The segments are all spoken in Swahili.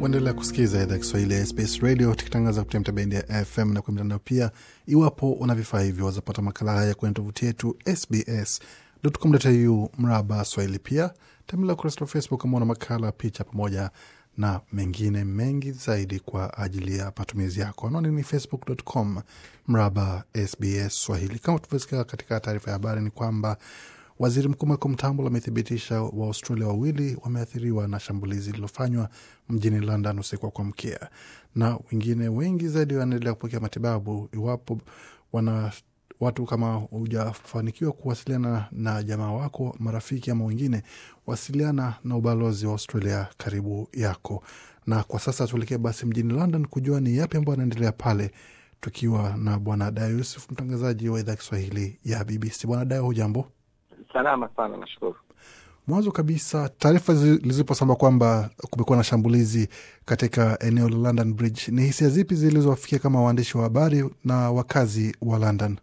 Waendelea kusikiliza idhaa Kiswahili ya SBS Radio tukitangaza kupitia mtabendi ya FM na kwenye mitandao pia. Iwapo una vifaa hivyo, wazapata makala haya kwenye tovuti yetu sbs.com.au mraba swahili. Pia tembelea ukurasa wa Facebook kama una makala, picha pamoja na mengine mengi zaidi kwa ajili ya matumizi yako. Anwani ni facebook.com mraba SBS Swahili. Kama tulivyosikia katika taarifa ya habari, ni kwamba Waziri Mkuu Malcolm Turnbull amethibitisha Waaustralia wawili wameathiriwa na shambulizi lililofanywa mjini London usiku wa kuamkia, na wengine wengi zaidi wanaendelea kupokea matibabu iwapo wana watu kama hujafanikiwa kuwasiliana na jamaa wako, marafiki ama wengine, wasiliana na ubalozi wa Australia karibu yako. Na kwa sasa tuelekee basi mjini London kujua ni yapi ambayo anaendelea pale, tukiwa na Bwana Dayo Yusuf, mtangazaji wa idhaa Kiswahili ya BBC. Bwana Dayo, hujambo? Salama sana, nashukuru. Mwanzo kabisa taarifa zilizoposamba kwamba kumekuwa na shambulizi katika eneo la London Bridge, ni hisia zipi zilizowafikia kama waandishi wa habari na wakazi wa London?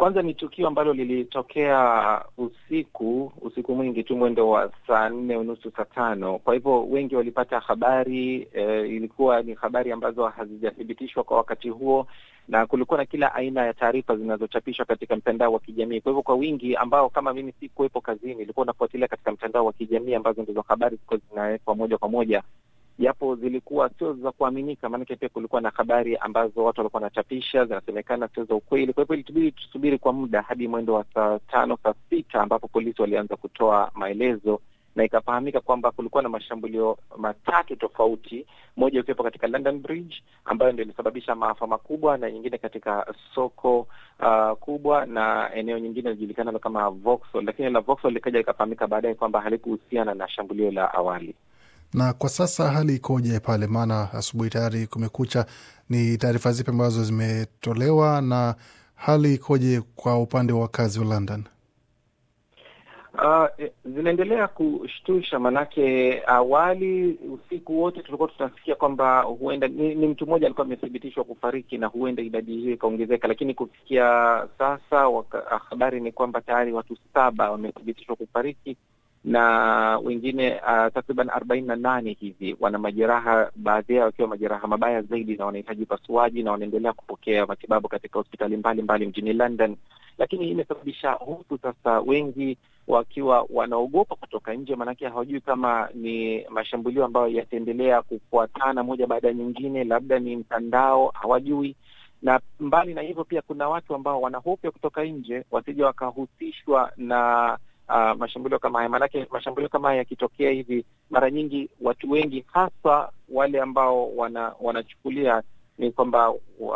Kwanza ni tukio ambalo lilitokea usiku usiku mwingi tu mwendo wa saa nne unusu saa tano. Kwa hivyo wengi walipata habari e, ilikuwa ni habari ambazo hazijathibitishwa kwa wakati huo, na kulikuwa na kila aina ya taarifa zinazochapishwa katika mtandao wa kijamii. Kwa hivyo kwa wingi ambao kama mimi sikuwepo kazini, ilikuwa unafuatilia katika mtandao wa kijamii ambazo ndizo habari zilikuwa zinawekwa moja kwa moja japo zilikuwa sio za kuaminika, maanake pia kulikuwa na habari ambazo watu walikuwa wanachapisha zinasemekana sio za ukweli. Kwa hivyo ilitubidi tusubiri kwa muda hadi mwendo wa saa tano, saa sita ambapo polisi walianza kutoa maelezo na ikafahamika kwamba kulikuwa na mashambulio matatu tofauti, moja ukiwepo katika London Bridge ambayo ndio ilisababisha maafa makubwa, na nyingine katika soko uh, kubwa na eneo nyingine lilijulikanalo kama Vauxhall, lakini la Vauxhall likaja likafahamika baadaye kwamba halikuhusiana na shambulio la awali. Na kwa sasa hali ikoje pale? Maana asubuhi tayari kumekucha, ni taarifa zipi ambazo zimetolewa na hali ikoje kwa upande wa wakazi wa London? Uh, zinaendelea kushtusha manake, awali usiku wote tulikuwa tunasikia kwamba huenda ni, ni mtu mmoja alikuwa amethibitishwa kufariki na huenda idadi hiyo ikaongezeka, lakini kufikia sasa habari ni kwamba tayari watu saba wamethibitishwa kufariki na wengine uh, takriban arobaini na nane hivi wana majeraha, baadhi yao wakiwa majeraha mabaya zaidi na wanahitaji upasuaji na wanaendelea kupokea matibabu katika hospitali mbalimbali mjini London. Lakini hii imesababisha hofu sasa, wengi wakiwa wanaogopa kutoka nje, maanake hawajui kama ni mashambulio ambayo yataendelea kufuatana moja baada ya nyingine, labda ni mtandao, hawajui na mbali na hivyo, pia kuna watu ambao wanahofu ya kutoka nje wasije wakahusishwa na uh, mashambulio kama haya. Maanake mashambulio kama haya yakitokea hivi, mara nyingi watu wengi, hasa wale ambao wana, wanachukulia ni kwamba uh,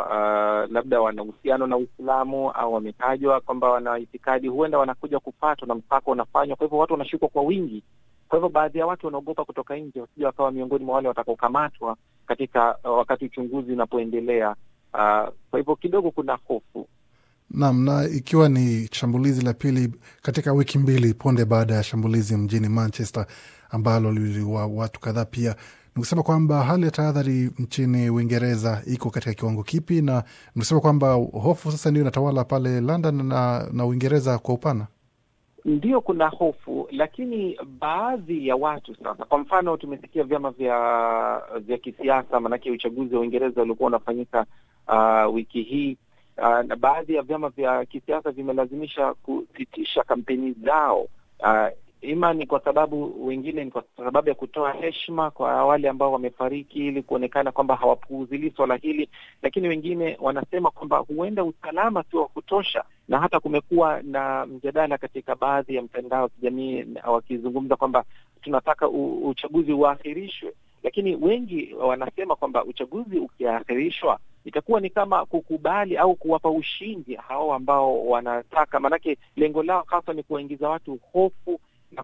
labda wana uhusiano na Uislamu au wametajwa kwamba wana itikadi, huenda wanakuja kupatwa na mpaka unafanywa. Kwa hivyo watu wanashukwa kwa wingi. Kwa hivyo baadhi ya watu wanaogopa kutoka nje, wasija wakawa miongoni mwa wale watakaokamatwa katika uh, wakati uchunguzi unapoendelea. Uh, kwa hivyo kidogo kuna hofu Nam, na ikiwa ni shambulizi la pili katika wiki mbili punde baada ya shambulizi mjini Manchester ambalo liliua watu kadhaa, pia nikusema kwamba hali ya tahadhari nchini Uingereza iko katika kiwango kipi, na nikusema kwamba hofu sasa ndio inatawala pale London na, na Uingereza kwa upana. ndio kuna hofu, lakini baadhi ya watu sasa, kwa mfano, tumesikia vyama vya vya kisiasa, maanake uchaguzi wa Uingereza uliokuwa unafanyika uh, wiki hii uh, na baadhi ya vyama vya kisiasa vimelazimisha kusitisha kampeni zao uh, ima ni kwa sababu wengine ni kwa sababu ya kutoa heshima kwa wale ambao wamefariki, ili kuonekana kwamba hawapuuzilii swala hili, lakini wengine wanasema kwamba huenda usalama sio wa kutosha, na hata kumekuwa na mjadala katika baadhi ya mtandao wa kijamii wakizungumza kwamba tunataka uchaguzi uahirishwe, lakini wengi wanasema kwamba uchaguzi ukiahirishwa itakuwa ni kama kukubali au kuwapa ushindi hao ambao wanataka, maanake lengo lao hasa ni kuwaingiza watu hofu na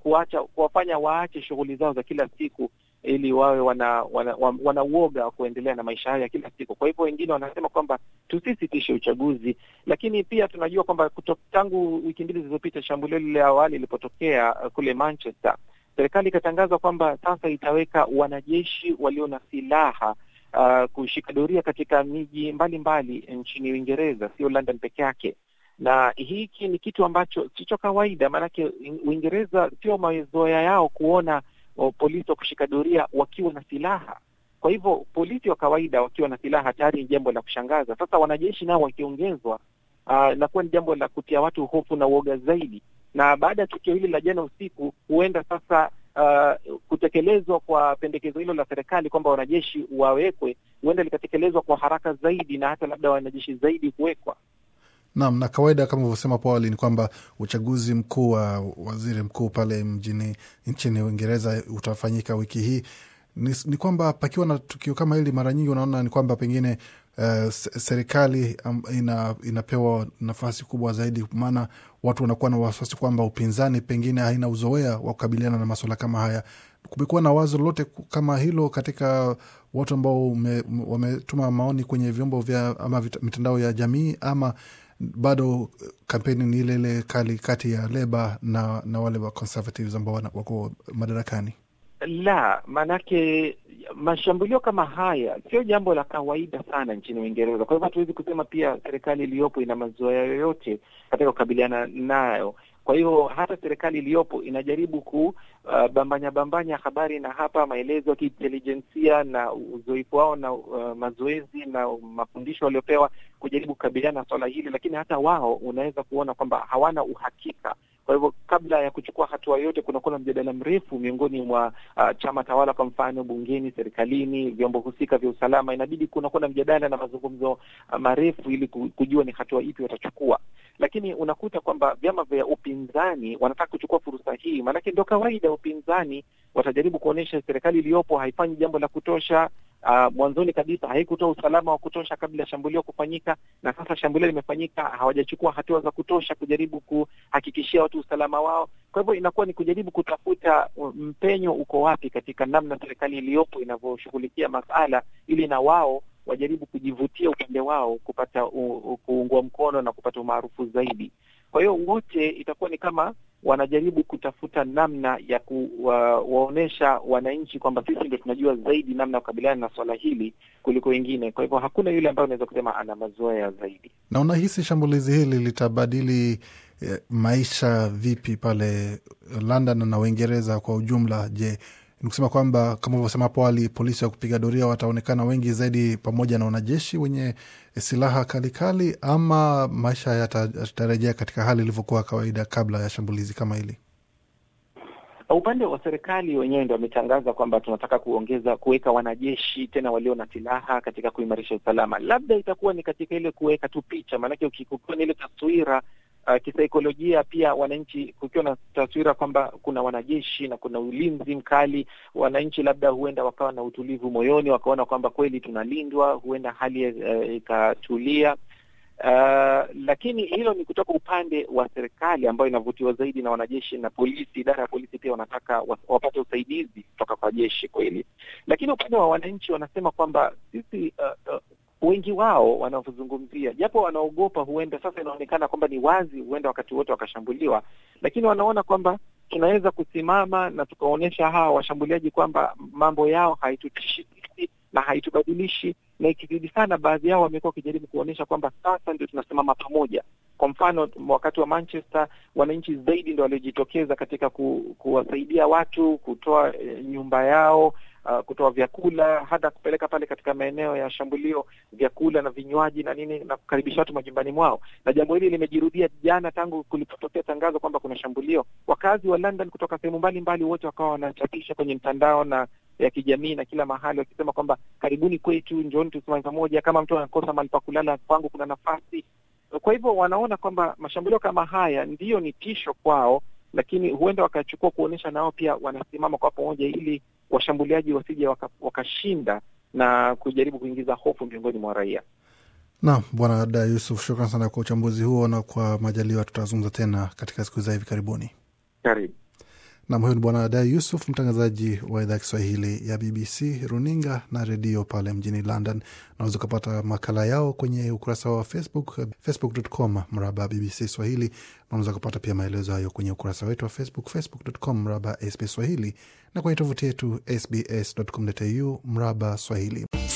kuwacha kuwafanya waache shughuli zao za kila siku ili wawe wana wana, wana, wana uoga wa kuendelea na maisha hayo ya kila siku. Kwa hivyo wengine wanasema kwamba tusisitishe uchaguzi, lakini pia tunajua kwamba tangu wiki mbili zilizopita shambulio lile awali ilipotokea uh, kule Manchester, serikali ikatangaza kwamba sasa itaweka wanajeshi walio na silaha uh, kushika doria katika miji mbalimbali nchini Uingereza, sio London peke yake. Na hiki ni kitu ambacho sicho kawaida, maanake Uingereza sio mazoea yao kuona uh, polisi wa kushika doria wakiwa na silaha. Kwa hivyo polisi wa kawaida wakiwa na silaha tayari ni jambo la kushangaza. Sasa wanajeshi nao wakiongezwa, uh, inakuwa ni jambo la kutia watu hofu na uoga zaidi. Na baada ya tukio hili la jana usiku, huenda sasa uh, kutekelezwa kwa pendekezo hilo la serikali kwamba wanajeshi wawekwe huenda likatekelezwa kwa haraka zaidi na hata labda wanajeshi zaidi kuwekwa. Naam, na kawaida kama ulivyosema hapo awali ni kwamba uchaguzi mkuu wa waziri mkuu pale mjini nchini Uingereza utafanyika wiki hii. Ni, ni kwamba pakiwa na tukio kama hili, mara nyingi unaona ni kwamba pengine uh, serikali um, ina, inapewa nafasi kubwa zaidi, maana watu wanakuwa na wasiwasi kwamba upinzani pengine haina uzoea wa kukabiliana na maswala kama haya. Kumekuwa na wazo lolote kama hilo katika watu ambao wametuma maoni kwenye vyombo vya ama mitandao ya jamii ama bado kampeni ni ile ile kali kati ya Leba na, na wale wa Conservatives ambao wako madarakani? La, maanake mashambulio kama haya sio jambo la kawaida sana nchini Uingereza. Kwa hivyo hatuwezi kusema pia serikali iliyopo ina mazoea yoyote katika kukabiliana nayo. Kwa hiyo hata serikali iliyopo inajaribu kubambanya uh, bambanya habari na hapa maelezo ya kiintelijensia na uzoefu wao na uh, mazoezi na mafundisho waliopewa kujaribu kukabiliana na swala hili, lakini hata wao unaweza kuona kwamba hawana uhakika kwa hivyo kabla ya kuchukua hatua yote, kunakuwa na mjadala mrefu miongoni mwa uh, chama tawala, kwa mfano bungeni, serikalini, vyombo husika vya usalama, inabidi kunakuwa na mjadala na mazungumzo uh, marefu ili kujua ni hatua ipi watachukua lakini unakuta kwamba vyama vya upinzani wanataka kuchukua fursa hii, maanake ndio kawaida. Upinzani watajaribu kuonyesha serikali iliyopo haifanyi jambo la kutosha, Uh, mwanzoni kabisa haikutoa usalama wa kutosha kabla ya shambulio kufanyika, na sasa shambulio limefanyika, hawajachukua hatua za kutosha kujaribu kuhakikishia watu usalama wao. Kwa hivyo inakuwa ni kujaribu kutafuta uh, mpenyo uko wapi katika namna serikali iliyopo inavyoshughulikia masala, ili na wao wajaribu kujivutia upande wao kupata kuungwa mkono na kupata umaarufu zaidi. Kwa hiyo wote itakuwa ni kama wanajaribu kutafuta namna ya kuwaonyesha wananchi kwamba sisi ndio tunajua zaidi namna ya kukabiliana na swala hili kuliko wengine. Kwa hivyo hakuna yule ambaye unaweza kusema ana mazoea zaidi. Na unahisi shambulizi hili litabadili eh, maisha vipi pale London na Uingereza kwa ujumla? Je, ni kusema kwamba kama ulivyosema hapo awali, polisi wa kupiga doria wataonekana wengi zaidi, pamoja na wanajeshi wenye silaha kalikali, ama maisha yatarejea katika hali ilivyokuwa kawaida kabla ya shambulizi kama hili? Upande wa serikali wenyewe ndio wametangaza kwamba tunataka kuongeza kuweka wanajeshi tena walio na silaha katika kuimarisha usalama. Labda itakuwa ni katika ile kuweka tu picha, maanake ukikuwa na ile taswira uh, kisaikolojia pia wananchi, kukiwa na taswira kwamba kuna wanajeshi na kuna ulinzi mkali, wananchi labda huenda wakawa na utulivu moyoni, wakaona kwamba kweli tunalindwa, huenda hali eh, ikatulia. Uh, lakini hilo ni kutoka upande wa serikali ambayo inavutiwa zaidi na wanajeshi na polisi. Idara ya polisi pia wanataka wapate usaidizi kutoka kwa jeshi kweli, lakini upande wa wananchi wanasema kwamba sisi, uh, uh, wengi wao wanavyozungumzia, japo wanaogopa, huenda sasa inaonekana kwamba ni wazi, huenda wakati wote wakashambuliwa, lakini wanaona kwamba tunaweza kusimama na tukaonyesha hawa washambuliaji kwamba mambo yao haitutishi na haitubadilishi, na ikizidi sana, baadhi yao wamekuwa wakijaribu kuonyesha kwamba sasa ndio tunasimama pamoja. Kwa mfano, wakati wa Manchester, wananchi zaidi ndo waliojitokeza katika ku, kuwasaidia watu kutoa e, nyumba yao uh, kutoa vyakula, hata kupeleka pale katika maeneo ya shambulio vyakula na vinywaji na nini, na kukaribisha watu majumbani mwao. Na jambo hili limejirudia jana tangu kulipotokea tangazo kwamba kuna shambulio, wakazi wa London kutoka sehemu mbalimbali wote wakawa wanachapisha kwenye mtandao na ya kijamii na kila mahali wakisema kwamba karibuni kwetu, njooni tusimame pamoja. Kama mtu anakosa mahali pa kulala, kwangu kuna nafasi. Kwa hivyo wanaona kwamba mashambulio kama haya ndiyo ni tisho kwao, lakini huenda wakachukua kuonyesha nao pia wanasimama kwa pamoja, ili washambuliaji wasije wakashinda waka na kujaribu kuingiza hofu miongoni mwa raia. Naam, Bwana da Yusuf, shukran sana kwa uchambuzi huo, na kwa majaliwa tutazungumza tena katika siku za hivi karibuni. Karibu. Nam, huyu ni Bwana Dai Yusuf, mtangazaji wa idhaa ya Kiswahili ya BBC runinga na redio pale mjini London. Unaweza ukapata makala yao kwenye ukurasa wa Facebook, facebook.com mraba BBC Swahili. Unaweza ukapata pia maelezo hayo kwenye ukurasa wetu wa Facebook, facebook.com mraba SBS Swahili, na kwenye tovuti yetu sbs.com.au mraba Swahili.